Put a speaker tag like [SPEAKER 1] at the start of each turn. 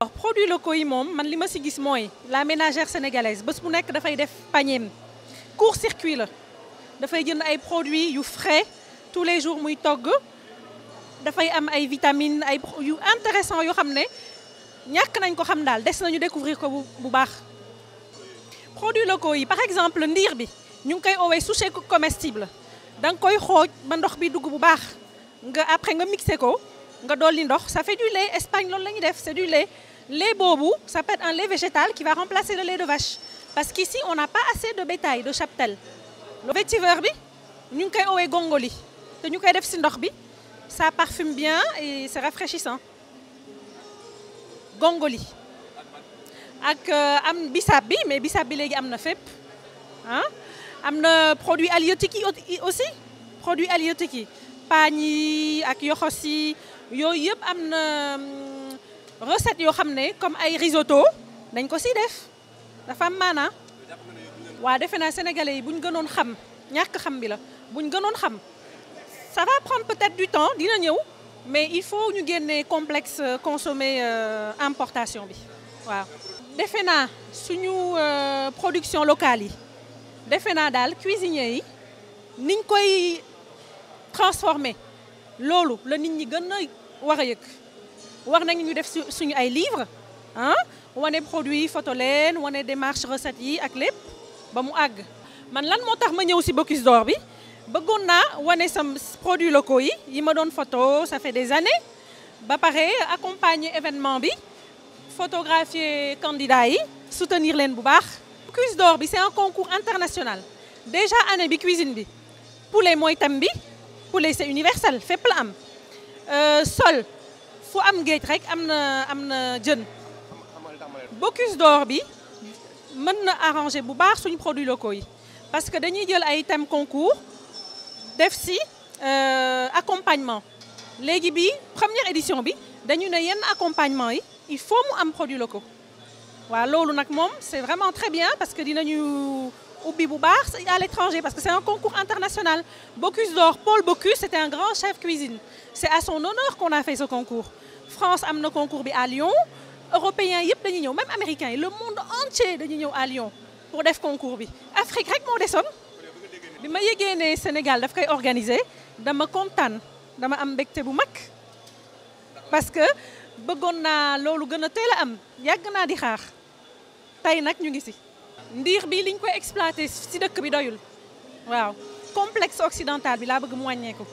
[SPEAKER 1] Les produits locaux yi man la ménagère sénégalaise bés bu court circuit la jënd produits frais tous les jours muy togg dafay am ay vitamines ay yu intéressant yoo xam ne nañ ko xam fait des nañu découvrir produits locaux par exemple nous bi des koy comestible Dans koy après nga ça fait du lait Espagne c'est du lait lait bobou, ça peut être un lait végétal qui va remplacer le lait de vache parce qu'ici on n'a pas assez de bétail de chaptel le vétiver bi ñu avons koy gongoli té ñu koy def ça parfume bien et c'est rafraîchissant gongoli ak euh, am bisabi, bi mais bi am hein. produits halieutiques aussi produits alliotiques pagni ak yooyu yëpp am mm, recette yo xamné comme ay risotto dañ ko siy def dafa am maanaa waa defe sénégalais yi bu ñu xam ñak xam bi la bu gënon xam ça va prendre peut-être du temps dina ñew mais il faut ñu génné complexe euh, consommer euh, importation bi wa defena naa suñu euh, production locale yi defena dal daal cuisinier yi niñ koy transformer loolu la nit ñi gën a war a yëg war ñu def suñu ay livre ah hein? wane produit photo leen wane démarche recette yi ak lépp ba mu ag man lan motax ma ñëw ci Bocuse d'Or bi bëggoon naa wane sam produits locaux yi yi ma doon photo ça fait des années ba paré accompagner événement bi photographier candidat yi soutenir leen bu baax Bocuse d'Or bi c'est un concours international déjà année bi cuisine bi poulet moy tam bi poulet c'est universel fait plein. Euh, sol il am géej rek am amna am jeune. bocuse d'or bi arrangé arranger bu baax produits locaux parce que dañuy jël ay thèmes concours def euh, accompagnement Légui bi première édition bi dañu un accompagnement il faut mu am produits locaux Voilà, c'est vraiment très bien parce que dinañu bibou bar à l'étranger parce que c'est un concours international. Bocuse d'Or, Paul Bocuse, c'était un grand chef cuisine. C'est à son honneur qu'on a fait ce concours. France a nos concours à Lyon, Européens, yep, même Américains, le monde entier de à Lyon pour des concours. Bi. Afrique, rek des sommes je suis Sénégal daf organisé organiser dama comptane, dama am parce que begonna lolo am yagna dihar di ndiir bi liñ koy exploité si dëkk bi doyul waaw complexe occidental bi laa bëgg mu wàññeeku.